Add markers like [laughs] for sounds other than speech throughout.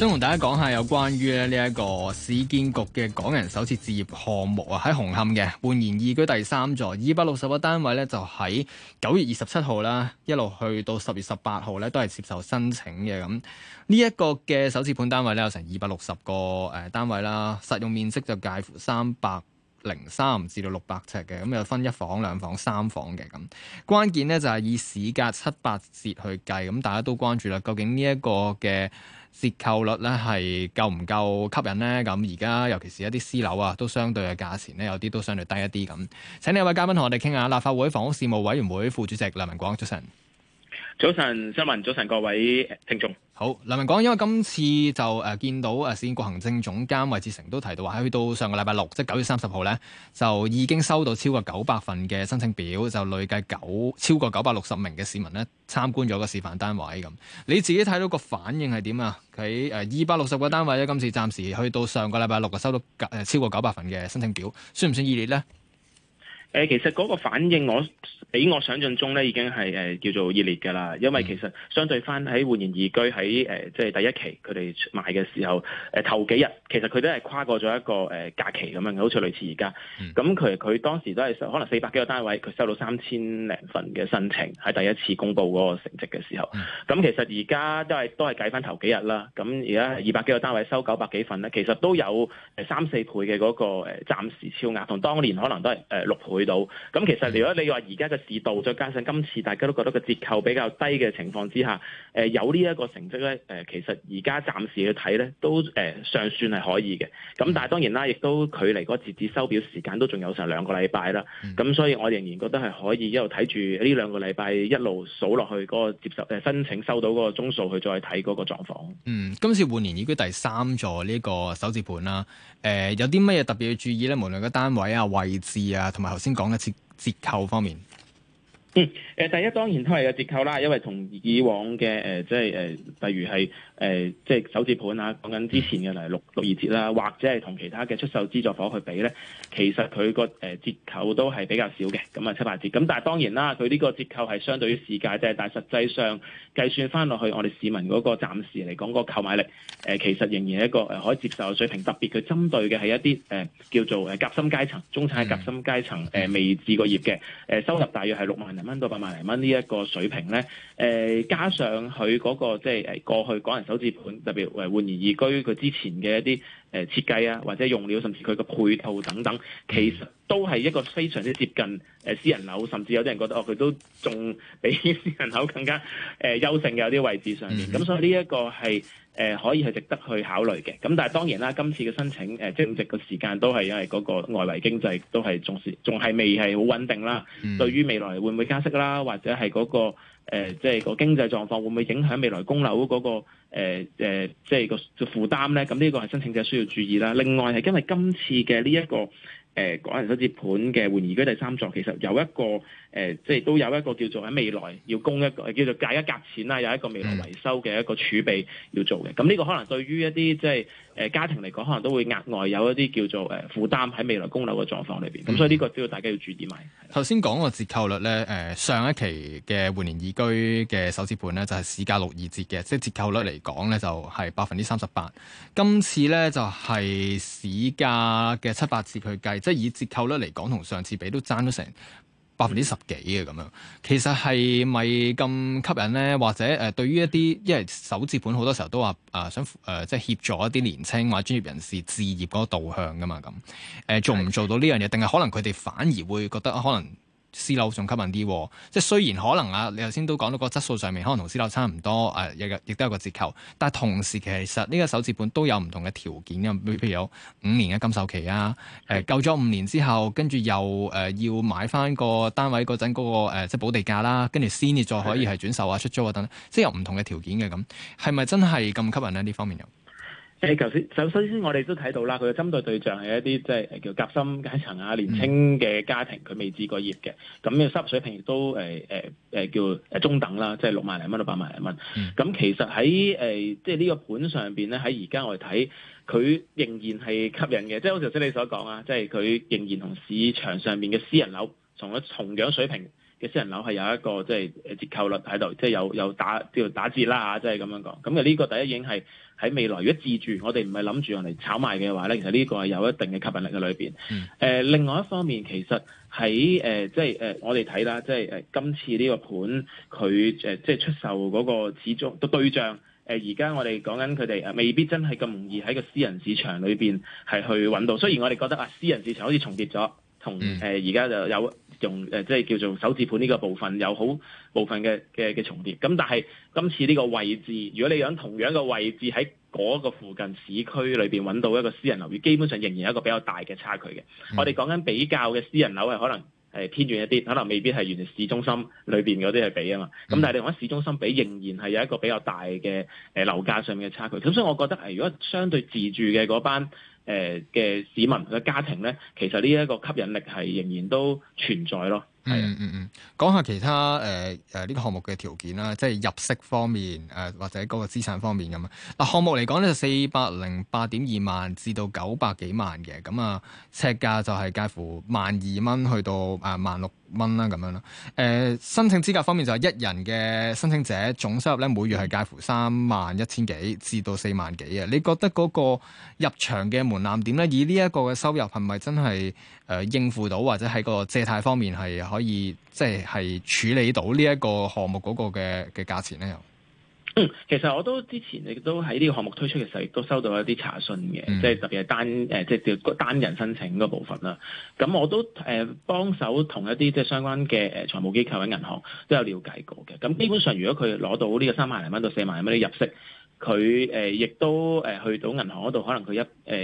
想同大家講下有關於呢一個市建局嘅港人首次置業項目啊，喺紅磡嘅煥然懿居第三座二百六十個單位呢，就喺九月二十七號啦，一路去到十月十八號呢，都係接受申請嘅。咁呢一個嘅首次盤單位呢，有成二百六十個誒單位啦，實用面積就介乎三百零三至到六百尺嘅。咁又分一房、兩房、三房嘅。咁關鍵呢，就係以市價七八折去計，咁大家都關注啦。究竟呢一個嘅折扣率咧，係夠唔夠吸引呢？咁而家尤其是一啲私樓啊，都相對嘅價錢呢，有啲都相對低一啲咁。請呢位嘉賓同我哋傾下，立法會房屋事務委員會副主席梁文廣，早晨。早晨，新聞，早晨各位聽眾。好，梁文廣，因為今次就誒、呃、見到誒市建局行政總監魏志成都提到話，喺去到上個禮拜六，即九月三十號咧，就已經收到超過九百份嘅申請表，就累計九超過九百六十名嘅市民呢參觀咗個示範單位咁。你自己睇到個反應係點啊？喺誒二百六十個單位咧，今次暫時去到上個禮拜六就收到誒超過九百份嘅申請表，算唔算熱烈呢？誒、呃，其實嗰個反應我比我想象中咧已經係誒、呃、叫做熱烈㗎啦，因為其實相對翻喺煥然懿居喺誒、呃、即係第一期佢哋賣嘅時候誒、呃、頭幾日，其實佢都係跨過咗一個誒、呃、假期咁樣，好似類似而家。咁佢佢當時都係可能四百幾個單位，佢收到三千零份嘅申請喺第一次公布嗰個成績嘅時候。咁其實而家都係都係計翻頭幾日啦。咁而家二百幾個單位收九百幾份咧，其實都有三四倍嘅嗰、那個誒暫時超額，同當年可能都係誒、呃、六倍。去到咁，嗯嗯、其實如果你話而家嘅市道，再加上今次大家都覺得個折扣比較低嘅情況之下，誒、呃、有呢一個成績咧，誒、呃、其實而家暫時去睇咧，都誒尚、呃、算係可以嘅。咁但係當然啦，亦都距離嗰截止收表時間都仲有成兩個禮拜啦。咁、嗯嗯、所以我仍然覺得係可以一路睇住呢兩個禮拜一路數落去嗰個接受誒申請收到嗰個宗數去再睇嗰個狀況。嗯，今次煥然懿居第三座呢個首置盤啦。誒、呃，有啲乜嘢特別要注意咧？無論個單位啊、位置啊，同埋頭先。香港嘅折折扣方面。嗯，誒、呃、第一當然都係有折扣啦，因為同以往嘅誒、呃呃呃、即係誒，例如係誒即係首置盤啊，講緊之前嘅嚟六六二折啦，或者係同其他嘅出售資助房去比咧，其實佢個誒折扣都係比較少嘅，咁啊七八折。咁但係當然啦，佢呢個折扣係相對於市價啫，但係實際上計算翻落去，我哋市民嗰個暫時嚟講個購買力，誒、呃、其實仍然係一個誒可以接受嘅水平。特別佢針對嘅係一啲誒、呃、叫做誒夾心階層、中產夾心階層誒、呃、未置過業嘅誒收入，大約係六萬。零蚊到百萬零蚊呢一個水平咧，誒、呃、加上佢嗰、那個即係誒過去港人首置盤，特別誒煥然懿居佢之前嘅一啲。誒設計啊，或者用料，甚至佢嘅配套等等，其實都係一個非常之接近誒私人樓，甚至有啲人覺得哦，佢都仲比私人樓更加誒、呃、優勝嘅有啲位置上面。咁、mm hmm. 所以呢一個係誒、呃、可以係值得去考慮嘅。咁但係當然啦，今次嘅申請誒徵、呃、值嘅時間都係因為嗰個外圍經濟都係仲是仲係未係好穩定啦。Mm hmm. 對於未來會唔會加息啦，或者係嗰、嗰個。誒，即係、呃就是、個經濟狀況會唔會影響未來供樓嗰個誒誒，即、呃、係、呃就是、個負擔咧？咁呢個係申請者需要注意啦。另外係因為今次嘅呢一個誒港人首置盤嘅煥然懿居第三座，其實有一個。誒，即係都有一個叫做喺未來要供一個叫做借一夾錢啦，有一個未來維修嘅一個儲備要做嘅。咁呢、嗯、個可能對於一啲即係誒家庭嚟講，可能都會額外有一啲叫做誒、呃、負擔喺未來供樓嘅狀況裏邊。咁、嗯、所以呢個都要大家要注意埋。頭先講個折扣率咧，誒、呃、上一期嘅煥然懿居嘅首次盤咧就係、是、市價六二折嘅，即係折扣率嚟講咧就係百分之三十八。今次咧就係市價嘅七八折去計，即係以折扣率嚟講同上次比都爭咗成百分之十幾嘅咁樣，其實係咪咁吸引咧？或者誒、呃，對於一啲因為首置盤好多時候都話誒、呃、想誒、呃，即係協助一啲年青或者專業人士置業嗰個導向噶嘛，咁誒、呃，做唔做到呢樣嘢？定係可能佢哋反而會覺得，呃、可能？私樓仲吸引啲，即係雖然可能啊，你頭先都講到個質素上面可能同私樓差唔多，誒日日亦都有個折扣，但係同時其實呢個首置盤都有唔同嘅條件嘅，譬如有五年嘅禁售期啊，誒、呃、夠咗五年之後，跟住又誒、呃、要買翻個單位嗰陣嗰個、呃、即係補地價啦，跟住先至再可以係轉售啊、的出租啊等等，即係有唔同嘅條件嘅，咁，係咪真係咁吸引咧？呢方面又？誒，頭先首先我，我哋都睇到啦，佢嘅針對對象係一啲即係誒叫夾心階層啊，年青嘅家庭，佢未置過業嘅，咁嘅收入水平都誒誒誒叫誒中等啦，即係六萬零蚊到八萬零蚊。咁、嗯、其實喺誒、呃、即係呢個盤上邊咧，喺而家我哋睇，佢仍然係吸引嘅，即係好似頭先你所講啊，即係佢仍然同市場上面嘅私人樓同咗同樣水平。嘅私人樓係有一個即係折扣率喺度，即係有有打叫打折啦嚇，即係咁樣講。咁嘅呢個第一已經係喺未來，如果自住，我哋唔係諗住用嚟炒賣嘅話咧，其實呢個係有一定嘅吸引力喺裏邊。誒、嗯、另外一方面，其實喺誒即係誒我哋睇啦，即係誒、呃、今次呢個盤佢誒即係出售嗰個始終對象誒而家我哋講緊佢哋啊，未必真係咁容易喺個私人市場裏邊係去揾到。雖然我哋覺得啊，私人市場好似重跌咗，同誒而家就有。嗯用誒、呃，即係叫做首置盤呢個部分有好部分嘅嘅嘅重疊，咁、呃、但係今次呢個位置，如果你用同樣嘅位置喺嗰個附近市區裏邊揾到一個私人樓宇，基本上仍然有一個比較大嘅差距嘅。嗯、我哋講緊比較嘅私人樓係可能誒、呃、偏遠一啲，可能未必係原來市中心裏邊嗰啲係比啊嘛。咁、嗯、但係你同市中心比仍然係有一個比較大嘅誒樓價上面嘅差距。咁、嗯、所以我覺得誒，如果相對自住嘅嗰班。誒嘅、呃、市民嘅家庭咧，其實呢一個吸引力係仍然都存在咯。係啊、嗯，嗯嗯，講下其他誒誒呢個項目嘅條件啦，即係入息方面誒、呃、或者嗰個資產方面咁啊。嗱，項目嚟講咧就四百零八點二萬至到九百幾萬嘅，咁啊呎價就係介乎萬二蚊去到誒萬六蚊啦，咁樣啦。誒、呃，申請資格方面就係一人嘅申請者總收入咧每月係介乎三萬一千幾至到四萬幾啊。你覺得嗰個入場嘅門檻點咧？以呢一個嘅收入係咪真係誒、呃、應付到或者喺個借貸方面係？可以即係處理到呢一個項目嗰個嘅嘅價錢咧？又嗯，其實我都之前亦都喺呢個項目推出嘅時候，亦都收到一啲查詢嘅、嗯呃，即係特別係單誒，即係叫單人申請嗰部分啦。咁我都誒幫手同一啲即係相關嘅誒財務機構喺銀行都有了解過嘅。咁基本上，如果佢攞到呢個三萬零蚊到四萬蚊啲入息，佢誒亦都誒去到銀行嗰度，可能佢一誒、呃、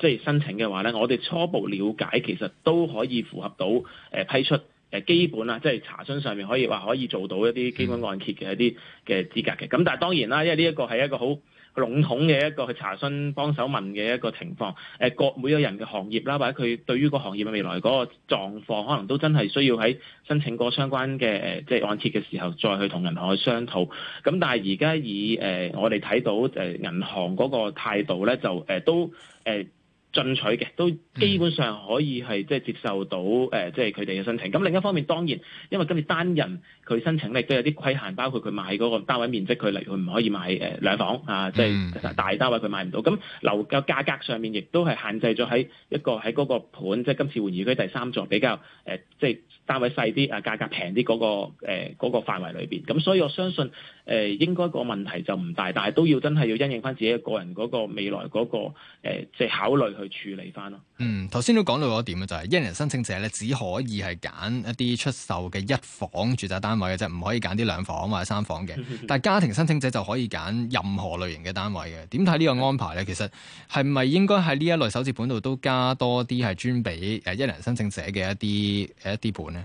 即係申請嘅話咧，我哋初步了解其實都可以符合到誒、呃呃、批出。誒基本啊，即係查詢上面可以話可以做到一啲基本按揭嘅一啲嘅資格嘅。咁但係當然啦，因為呢一個係一個好籠統嘅一個去查詢幫手問嘅一個情況。誒各每個人嘅行業啦，或者佢對於個行業嘅未來嗰個狀況，可能都真係需要喺申請過相關嘅誒、呃、即係按揭嘅時候，再去同銀行去商討。咁但係而家以誒、呃、我哋睇到誒、呃、銀行嗰個態度咧，就誒、呃、都誒。呃進取嘅都基本上可以係即係接受到誒、呃，即係佢哋嘅申請。咁另一方面，當然因為今次單人佢申請咧都有啲規限，包括佢買嗰個單位面積，佢例如佢唔可以買誒、呃、兩房啊，即係大單位佢買唔到。咁樓嘅價格上面亦都係限制咗喺一個喺嗰個盤，即係今次煥然懿居第三座比較誒、呃，即係單位細啲啊，價格平啲嗰個誒嗰、呃那個範圍裏邊。咁、嗯、所以我相信誒、呃、應該個問題就唔大，但係都要真係要因應返自己個人嗰個未來嗰、那個、呃、即係考慮。去處理翻咯。嗯，頭先都講到嗰點啦，就係、是、一人申請者咧，只可以係揀一啲出售嘅一房住宅單位嘅就唔、是、可以揀啲兩房或者三房嘅。 [laughs] 但係家庭申請者就可以揀任何類型嘅單位嘅。點睇呢個安排咧？其實係咪應該喺呢一類首置盤度都加多啲係專俾誒一人申請者嘅一啲誒一啲盤咧？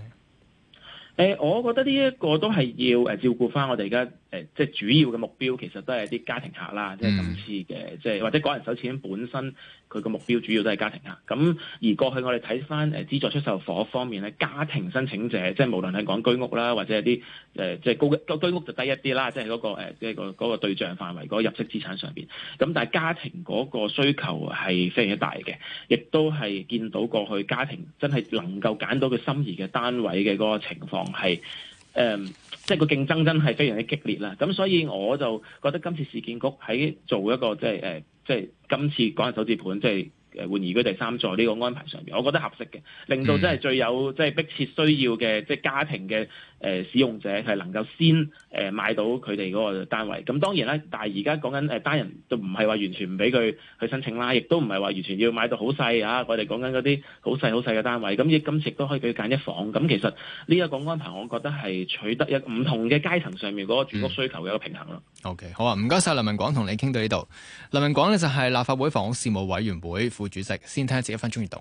誒、欸，我覺得呢一個都係要誒照顧翻我哋而家誒，即係主要嘅目標其實都係啲家庭客啦，即係、嗯、今次嘅即係或者港人首置本身佢個目標主要都係家庭客。咁而過去我哋睇翻誒資助出售房方面咧，家庭申請者即係無論係講居屋啦，或者係啲誒即係高居屋就低一啲啦，即係嗰、那個即係、呃那個嗰、那個對象範圍嗰、那個、入息資產上邊。咁但係家庭嗰個需求係非常之大嘅，亦都係見到過去家庭真係能夠揀到佢心儀嘅單位嘅嗰個情況。係誒、嗯，即係個競爭真係非常之激烈啦。咁所以我就覺得今次市建局喺做一個即係誒，即係、呃、今次港人首置盤，即係誒煥然懿居第三座呢個安排上邊，我覺得合適嘅，令到真係最有即係迫切需要嘅即係家庭嘅。誒使用者係能夠先誒買到佢哋嗰個單位，咁當然啦，但係而家講緊誒單人都唔係話完全唔俾佢去申請啦，亦都唔係話完全要買到好細啊，我哋講緊嗰啲好細好細嘅單位，咁亦今次亦都可以俾佢揀一房。咁其實呢一個安排，我覺得係取得一唔同嘅階層上面嗰個住屋需求嘅一個平衡咯、嗯。OK，好啊，唔該晒。梁文廣同你傾到呢度。梁文廣呢就係立法會房屋事務委員會副主席，先聽一節一分鐘閱讀。